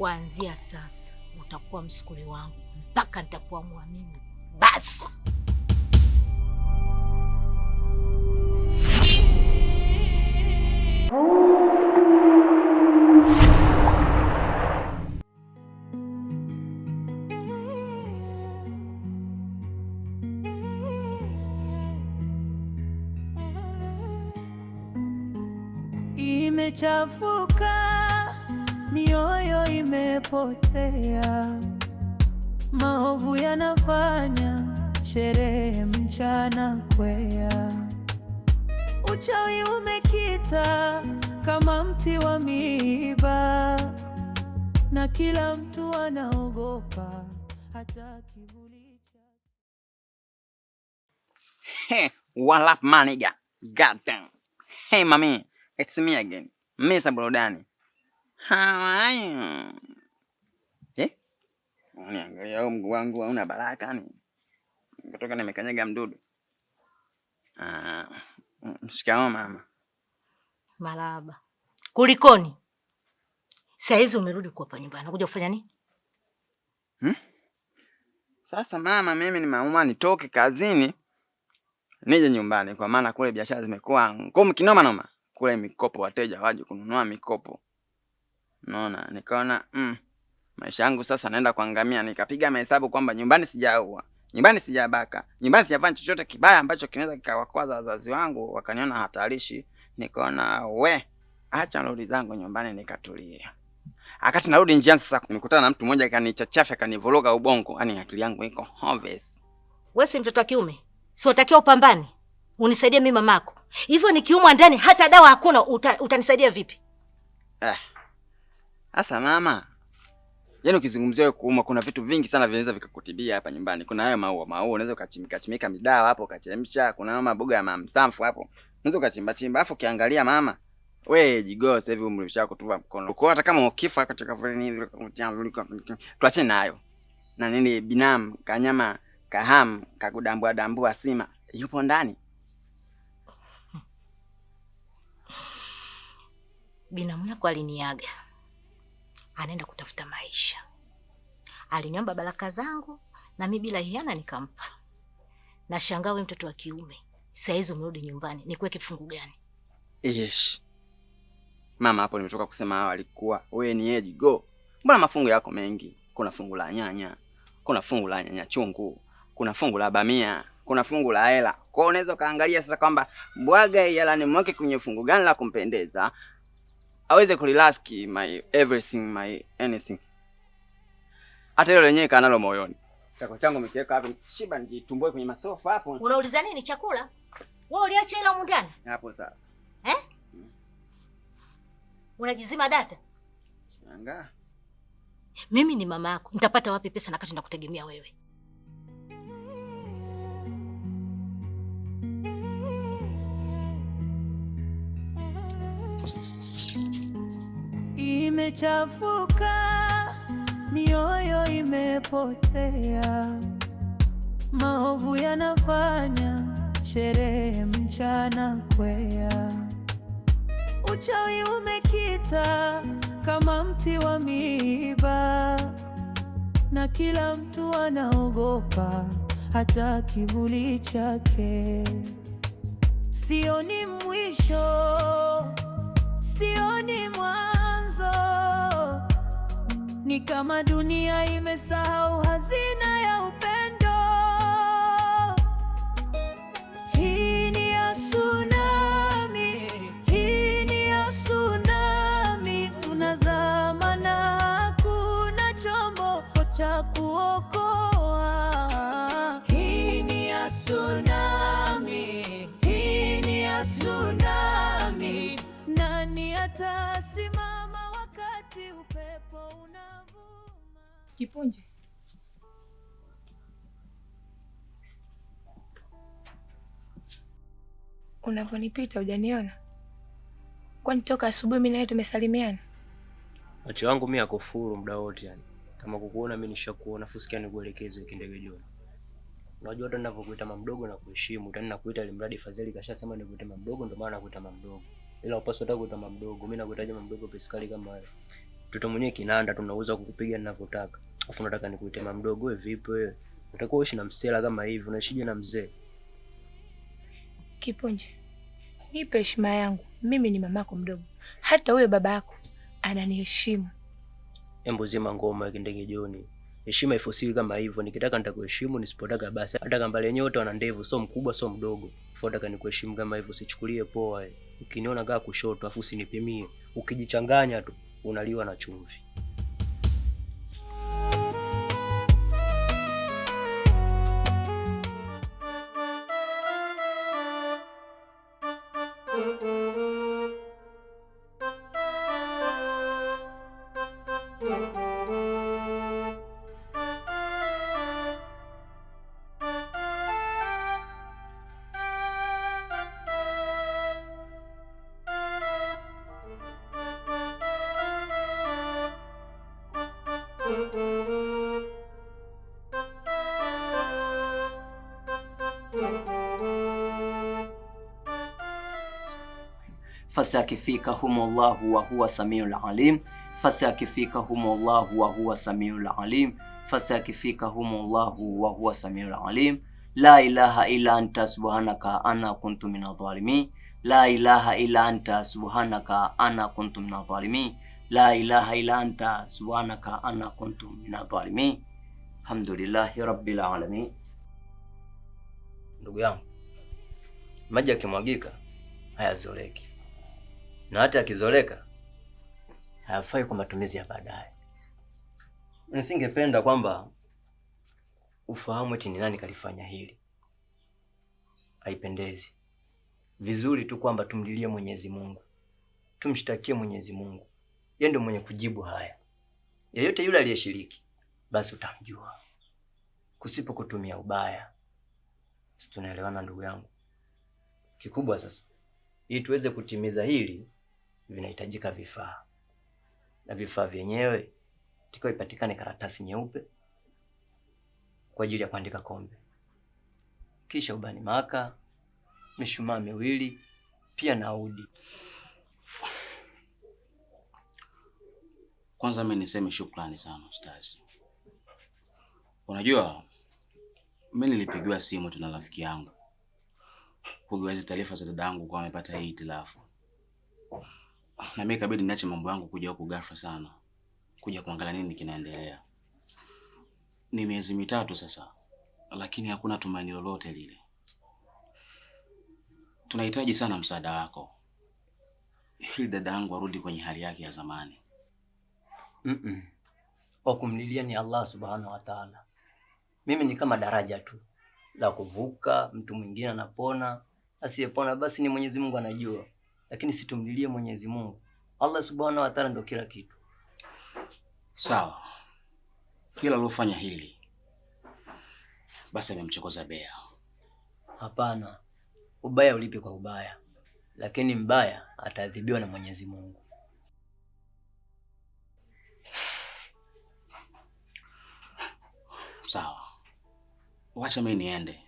kuanzia sasa utakuwa msukuli wangu mpaka nitakuwa mwamini. Basi imechafuka yanapotea, maovu yanafanya sherehe mchana kwea, uchawi umekita kama mti wa miiba, na kila mtu anaogopa hata kivuli chake. What up manager? God damn. Hey mami, it's me again. Mr. Burudani. How are you? Niangalia huu mguu wangu hauna baraka ni. Kutoka nimekanyaga mdudu. Ah, shikamoo mama. Marahaba. Kulikoni? Saa hizi umerudi kwa hapa nyumbani. Unakuja kufanya nini? Hmm? Sasa mama, mimi nimeamua nitoke kazini nije nyumbani kwa maana kule biashara zimekuwa ngumu kinoma noma. Kule mikopo, wateja waje kununua mikopo. Unaona, nikaona mm maisha yangu sasa naenda kuangamia. Nikapiga mahesabu kwamba nyumbani sijaua, nyumbani sijabaka, nyumbani sijafanya chochote kibaya ambacho kinaweza kikawakwaza wazazi wangu wakaniona hatarishi. Nikaona we, acha narudi zangu nyumbani nikatulia. Akati narudi njiani sasa, nimekutana na mtu mmoja kanichachafya, kanivuruga ubongo, yani akili yangu iko obvious. We si mtoto wa kiume, si unatakiwa upambane, unisaidie mimi mamako. Hivyo nikiumwa ndani hata dawa hakuna, utanisaidia uta, vipi? Eh, asa mama Yaani ukizungumzia wewe kuuma kuna vitu vingi sana vinaweza vikakutibia hapa nyumbani. Kuna hayo maua, maua unaweza ukachimika chimika midawa hapo ukachemsha, kuna mama boga ya mamsamfu hapo. Unaweza ukachimba chimba afu ukiangalia mama. We jigoo sasa hivi umri ushako tuva mkono. uko, hata kama ukifa katika fulani hivi tuache nayo. Na nini binamu, kanyama, kahamu, kakudambua dambua sima. Yupo ndani. Binamu yako aliniaga anaenda kutafuta maisha. Aliniomba baraka zangu na mimi bila hiana nikampa. Na shangaa wewe mtoto wa kiume, saa hizi umerudi nyumbani, nikuweke fungu gani? Yes. Mama hapo nimetoka kusema hao alikuwa wewe ni Eddie go. Mbona mafungu yako mengi? Kuna fungu la nyanya, kuna fungu la nyanya chungu, kuna fungu la bamia, kuna fungu la hela. Kwa hiyo unaweza kaangalia sasa kwamba bwaga hela ni mweke kwenye fungu gani la kumpendeza, aweze kurilaski my everything my anything. Hata ile lenyewe kanalo moyoni. Chako changu mkiweka hapo shiba nijitumbue kwenye masofa hapo. Unauliza nini chakula? Wewe uliacha ile humu ndani? Hapo sasa. Eh? Hmm. Unajizima data? Shangaa. Mimi ni mama yako. Nitapata wapi pesa na kati nakutegemea wewe? imechafuka, mioyo imepotea, maovu yanafanya sherehe mchana kwea, uchawi umekita kama mti wa miiba, na kila mtu anaogopa hata kivuli chake. Sioni mwisho, sioni mwa ni kama dunia imesahau hazina ya upendo. Hii ni ya tsunami, hii ni ya tsunami. Tunazama na hakuna chombo cha kuokoa. Hii ni ya tsunami, hii ni ya tsunami. Nani atasimama? wakati upepo unavuma. Kipunje, unavyonipita hujaniona? Kwani toka asubuhi mimi nawe tumesalimiana? Macho yangu mimi yakofuru muda wote, yani kama kukuona mimi nishakuona, fusikia nikuelekeze kindege joni. Unajua hata ninavyokuita mama mdogo na kuheshimu, tena nakuita mradi Fadhili kashasema nikuite mama mdogo, ndio maana nakuita mama mdogo, ila upaswa hata kuita mama mdogo. Mimi nakuitaje mama mdogo? Pesikali kama wewe mtoto mwenyewe kinanda, tu, tunauza kukupiga ninavyotaka, afu unataka mama mdogo? Wewe eh, vipi wewe, utakuwa uishi na msela kama hivi? Unaishije na mzee? Kipunje, nipe heshima yangu, mimi ni mamako mdogo, hata huyo baba yako ananiheshimu. Embo zima ngoma ya kindege Joni, heshima ifosiwi kama hivyo. Nikitaka nitakuheshimu, nisipotaka basi. Hata kamba lenyewe wote wana ndevu, so mkubwa so mdogo, fotaka nikuheshimu kama hivyo, Sichukulie poa. Ukiniona kaa kushoto, afu usinipimie, ukijichanganya tu unaliwa na chumvi. Fasi akifika humo Allahu wa huwa samiul alim, fasi akifika humo Allahu wa huwa samiul alim, fasi akifika humo Allahu wa huwa samiul alim. La ilaha illa anta subhanaka ana kuntu minadh dhalimin, la ilaha illa anta subhanaka ana kuntu minadh dhalimin la ilaha illa anta subhanaka anna kuntu minadh-dhalimin. Alhamdulillahi rabbil alamin. Ndugu yangu, maji yakimwagika hayazoleki, na hata yakizoleka hayafai kwa matumizi ya baadaye. Nisingependa kwamba ufahamu eti ni nani kalifanya hili, haipendezi. Vizuri tu kwamba tumlilie Mwenyezi Mungu, tumshtakie Mwenyezi Mungu yeye ndio mwenye kujibu haya. Yeyote yule aliyeshiriki, basi utamjua kusipo kutumia ubaya. Sisi tunaelewana ndugu yangu. Kikubwa sasa, ili tuweze kutimiza hili, vinahitajika vifaa, na vifaa vyenyewe tiko ipatikane karatasi nyeupe kwa ajili ya kuandika kombe, kisha ubani maka, mishumaa miwili, pia na udi. Kwanza mimi niseme shukrani sana Ustazi. Unajua mimi nilipigiwa simu tuna rafiki yangu kugiwa hizi taarifa za dada yangu kwa amepata hii hitilafu, na mimi kabidi niache mambo yangu kuja huku ghafla sana kuja kuangalia nini kinaendelea. Ni miezi mitatu sasa, lakini hakuna tumaini lolote lile. Tunahitaji sana msaada wako ili dada yangu arudi kwenye hali yake ya zamani mm -mm. Wa kumlilia ni Allah subhanahu wa ta'ala. Mimi ni kama daraja tu la kuvuka, mtu mwingine anapona, asiyepona basi ni Mwenyezi Mungu anajua, lakini situmlilie Mwenyezi Mungu. Allah subhanahu wa ta'ala ndio kila kitu. Sawa, kila alofanya hili basi amemchokoza bea. Hapana, ubaya ulipi kwa ubaya, lakini mbaya ataadhibiwa na Mwenyezi Mungu. sawa, wacha mimi niende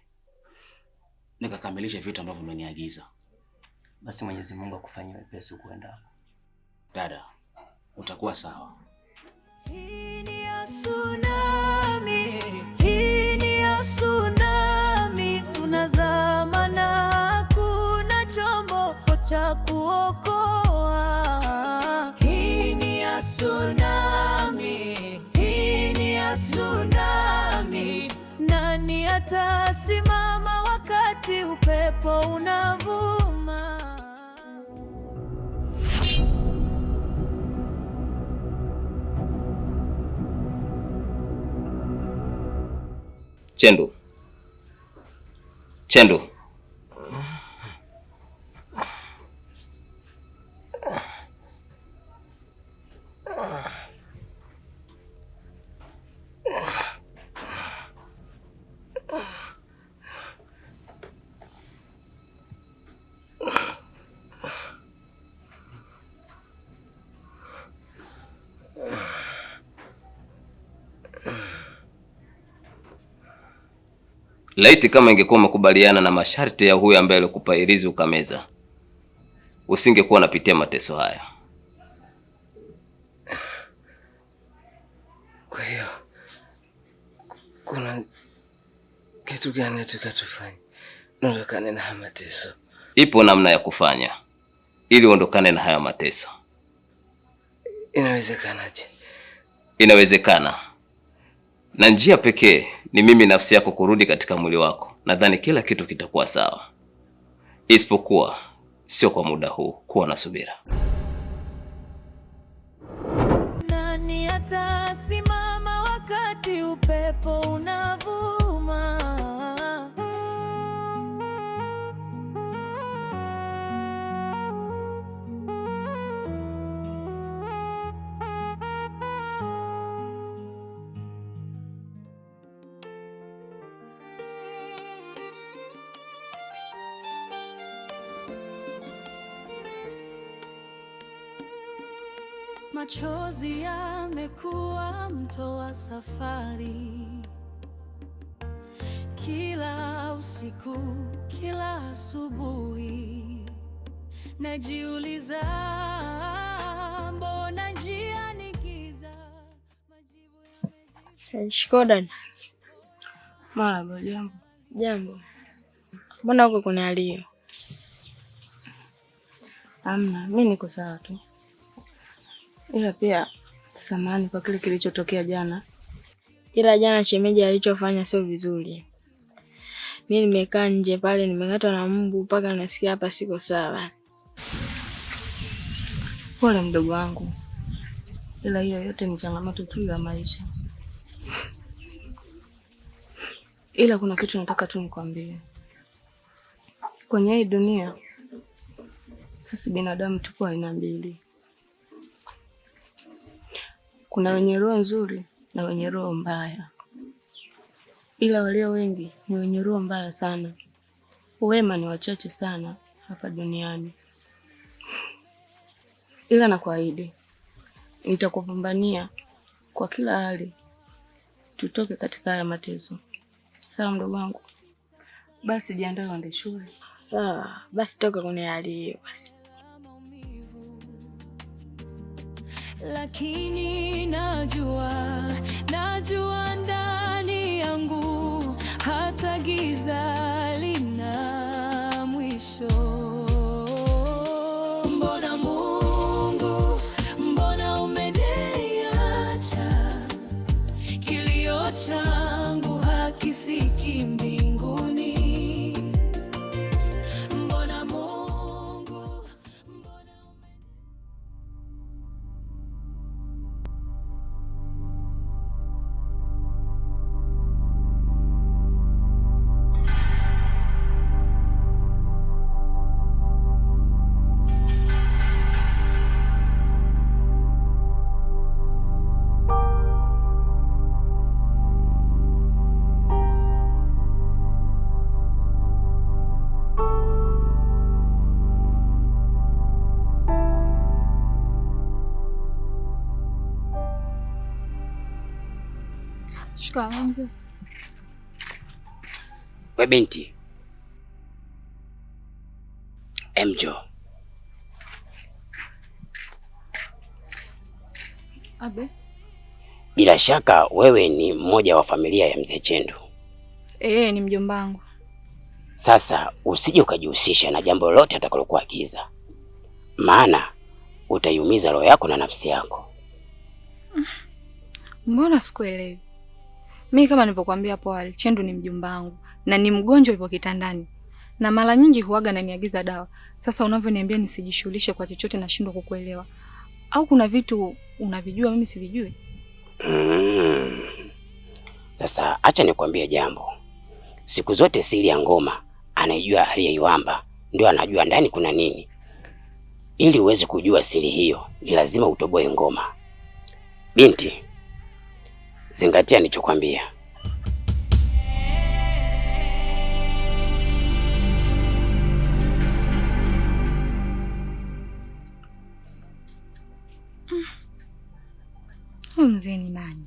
nikakamilishe vitu ambavyo umeniagiza. Basi Mwenyezi Mungu akufanyie wepesi kuenda. Dada, utakuwa sawa. upepo unavuma. Chendu, Chendu. Laiti kama ingekuwa umekubaliana na masharti ya huyu ambaye alikupa irizi ukameza, usingekuwa unapitia mateso haya. Kwa hiyo kuna kitu gani tukatufanya ondokane na haya mateso? Ipo namna ya kufanya ili uondokane na haya mateso. Inawezekanaje? Inawezekana, na njia pekee ni mimi nafsi yako kurudi katika mwili wako, nadhani kila kitu kitakuwa sawa, isipokuwa sio kwa muda huu. Kuwa na subira. Machozi yamekuwa mto wa safari, kila usiku, kila asubuhi najiuliza, mbona njia ni giza? Majibu yamejificha. Marahaba. Jambo. Jambo. Mbona huko kuna alio? Amna, mi niko sawa tu ila pia samani kwa kile kilichotokea jana. Ila jana shemeji alichofanya sio vizuri. Mi nimekaa nje pale, nimekatwa na mbu mpaka nasikia hapa siko sawa. Pole mdogo wangu, ila hiyo yote ni changamoto tu ya maisha. Ila kuna kitu nataka tu nikwambie, kwenye hii dunia sisi binadamu tuko aina mbili kuna wenye roho nzuri na wenye roho mbaya, ila walio wengi ni wenye roho mbaya sana. Wema ni wachache sana hapa duniani, ila nakuahidi nitakupambania kwa kila hali, tutoke katika haya mateso. Sawa mdogo wangu? Basi jiandae uende shule. Sawa basi, toka kwenye hali hiyo basi. lakini najua, najua ndani yangu hata giza lina mwisho. Shikamoo. We binti Mjo, Abe, bila shaka wewe ni mmoja wa familia ya mzee Chendu. Eh, ni mjomba wangu. Sasa usije ukajihusisha na jambo lolote atakalokuwa giza, maana utaiumiza roho yako na nafsi yako. Mbona sikuelewi? Mimi kama nilivyokuambia hapo awali, Chendu ni mjomba wangu na ni mgonjwa yupo kitandani. Na mara nyingi huaga na niagiza dawa. Sasa unavyoniambia nisijishughulishe kwa chochote nashindwa kukuelewa. Au kuna vitu unavijua mimi sivijui? Mm. Sasa acha nikwambie jambo. Siku zote siri ya ngoma anaijua aliyeiwamba, ndio anajua ndani kuna nini. Ili uweze kujua siri hiyo, ni lazima utoboe ngoma. Binti, zingatia nilichokwambia. Mzee ni nani?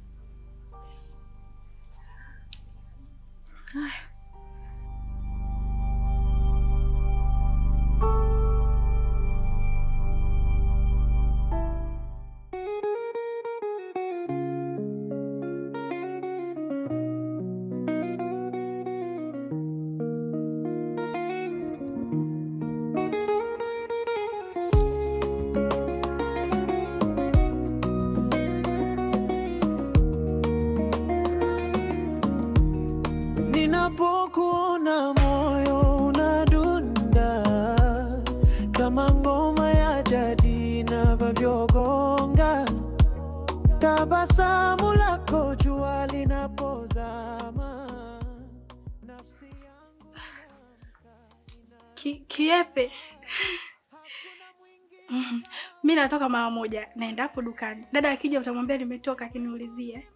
mi natoka mara moja, naenda hapo dukani. Dada akija utamwambia nimetoka, akiniulizie.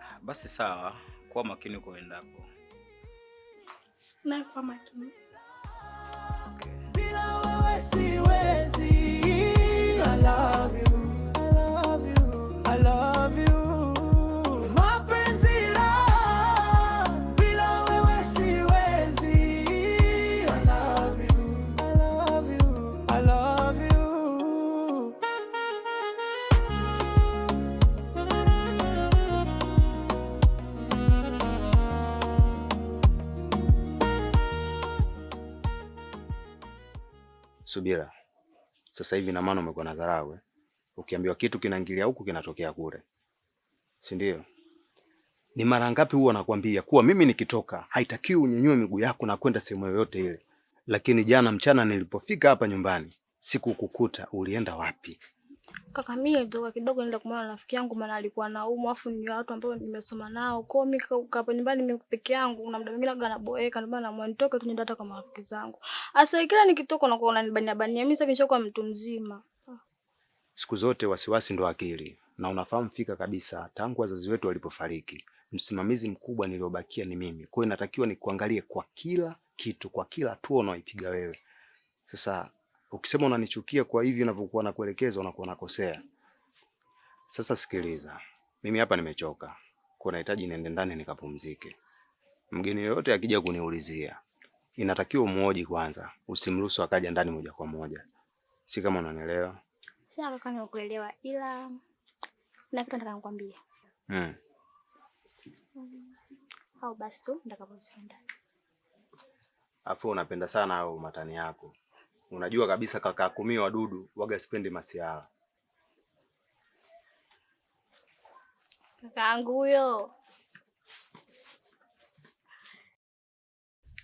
Ah, basi sawa, kuwa makini kuendapo na kuwa makini okay. Bila wewe siwezi I love you. subira. Sasa hivi na maana umekuwa na dharau eh? Ukiambiwa kitu kinaingilia huku kinatokea kule, si ndio? Ni mara ngapi huwa nakwambia kuwa mimi nikitoka haitakiwi unyenyue miguu yako na kwenda sehemu yoyote ile, lakini jana mchana nilipofika hapa nyumbani sikukukuta. Ulienda wapi? Kaka mimi nilitoka kidogo nenda kumwona rafiki yangu maana alikuwa anaumwa afu ni watu ambao nimesoma nao. kwao. mimi kapo nyumbani mimi peke yangu na muda mwingine boeka, ndio maana naamua nitoke tu nenda hata kwa marafiki zangu. Asa kila nikitoka na kuona unanibania bania mimi sasa nishakuwa mtu mzima. Siku zote wasiwasi ndo akili na unafahamu fika kabisa tangu wazazi wetu walipofariki. Msimamizi mkubwa niliobakia ni mimi. Kwa hiyo natakiwa nikuangalie kwa kila kitu, kwa kila hatua unaoipiga wewe. Sasa Ukisema unanichukia kwa hivi unavyokuwa nakuelekeza, unakuwa nakosea. Sasa sikiliza, mimi hapa nimechoka, kuna hitaji niende ndani nikapumzike. Mgeni yoyote akija kuniulizia, inatakiwa muoji kwanza, usimruhusu akaja ndani moja kwa moja, si kama unanielewa? Sawa kaka, nakuelewa, ila kuna kitu nataka nikwambie. Mm. Mm. Au basi tu ndakapo Afu unapenda sana au matani yako Unajua kabisa kaka kumi wadudu waga sipendi masiara. Kakaangu huyo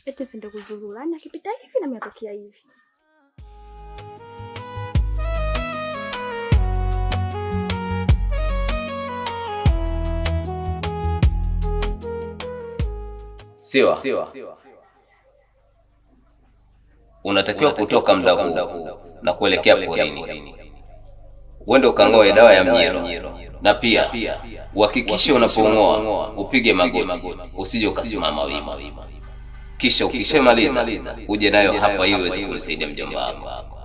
eti si ndo yaani akipita hivi na mimi hivi. Siwa. Siwa. Siwa unatakiwa kutoka muda huu na kuelekea porini, uende ukang'oe dawa ya mnyero, na pia uhakikishe unapong'oa upige magoti, usije ukasimama wima. Kisha ukishamaliza uje nayo hapa ili uweze kumsaidia mjomba wako.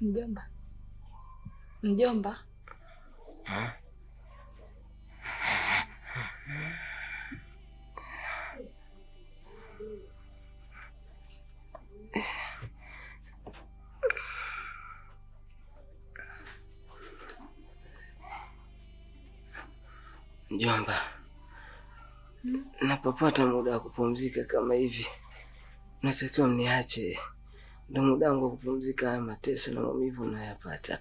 Mjomba, mjomba, mjomba, hmm? Napopata muda wa kupumzika kama hivi, natakiwa mniache. Ndio muda wangu kupumzika, haya mateso na maumivu unayapata.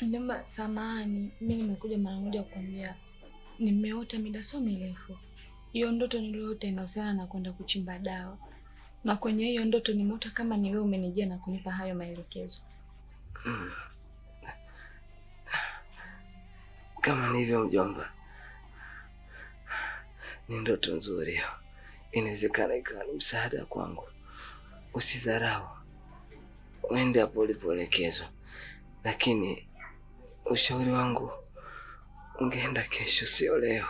Ndomba, samahani, mi nimekuja mara moja kukwambia, nimeota mida sio mirefu. Hiyo ndoto niliyoota inahusiana na kwenda kuchimba dawa, na kwenye hiyo ndoto nimeota kama ni wewe umenijia na kunipa hayo maelekezo. Hmm. Kama ni hivyo mjomba, ni ndoto nzuri hiyo, inawezekana ikawa ni msaada kwangu. Usidharau, uende hapo ulipoelekezwa. Lakini ushauri wangu ungeenda kesho, sio leo.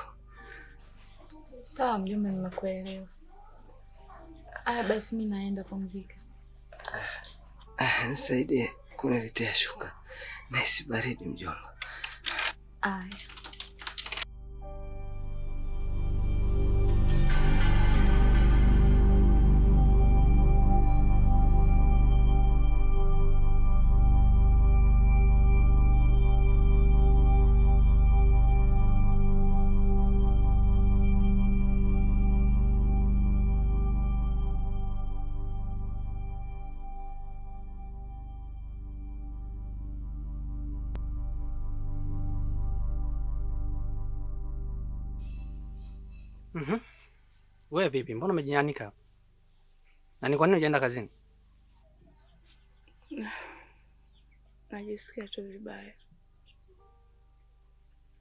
Sawa mjomba, nimekuelewa. Aya, basi mi naenda, pumzika. Ah, ah nisaidie kuniletea shuka, nahisi baridi mjomba. Aya. Wewe vipi? Mbona umejianika? Na ni kwa nini hujaenda kazini? Najisikia tu vibaya.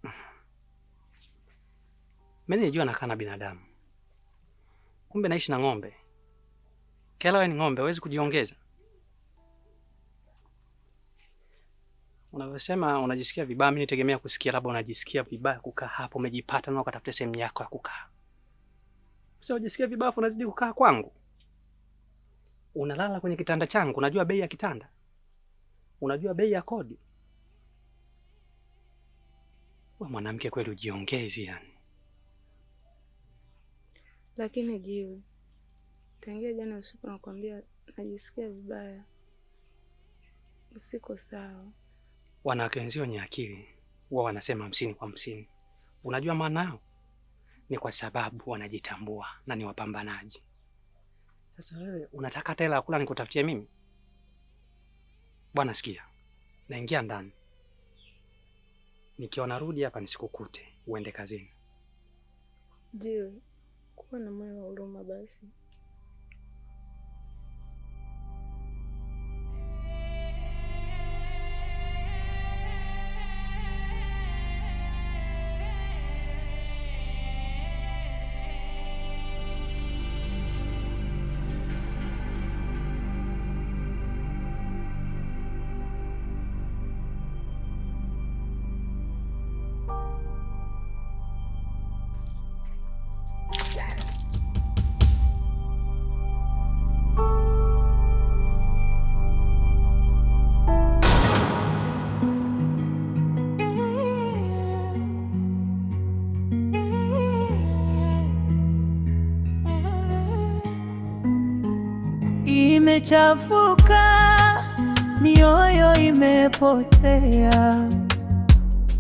Mimi nijua nakaa na binadamu, kumbe naishi na ng'ombe. Kela wewe ni ng'ombe, huwezi kujiongeza. Unavyosema unajisikia vibaya, mimi nitegemea kusikia labda unajisikia vibaya kukaa hapo, umejipata na ukatafuta sehemu yako ya kukaa. Sasa unajisikia vibaya unazidi kukaa kwangu. Unalala kwenye kitanda changu, unajua bei ya kitanda? Unajua bei ya kodi? Wewe mwanamke kweli ujiongezi yani. Lakini Jiwe, tangia jana usiku nakwambia najisikia vibaya, usiko sawa. Wanawake wenzio wenye akili huwa wanasema hamsini kwa hamsini, unajua maana yao? ni kwa sababu wanajitambua na ni wapambanaji. Sasa wewe unataka hela ya kula nikutafutie mimi? Bwana sikia, naingia ndani, nikiwa narudi hapa nisikukute uende kazini. Je, kuwa na moyo wa huruma basi. imechafuka, mioyo imepotea,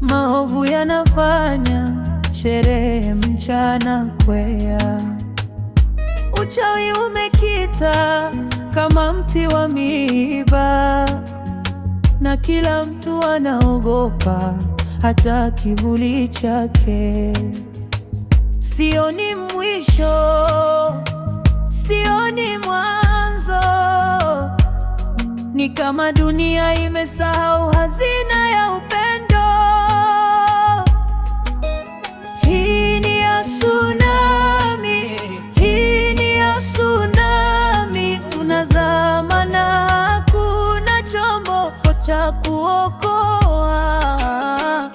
maovu yanafanya sherehe mchana kwea, uchawi umekita kama mti wa miiba, na kila mtu anaogopa hata kivuli chake. Sioni mwisho, sioni mwisho. Ni kama dunia imesahau hazina ya upendo. Hii ni ya tsunami, hii ni ya tsunami. Tunazama na hakuna chombo cha kuokoa.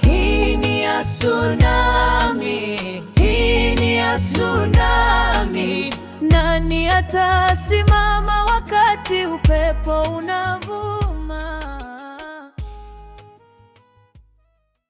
Hii ni ya tsunami, hii ni ya tsunami. Nani atasimama? wakati upepo una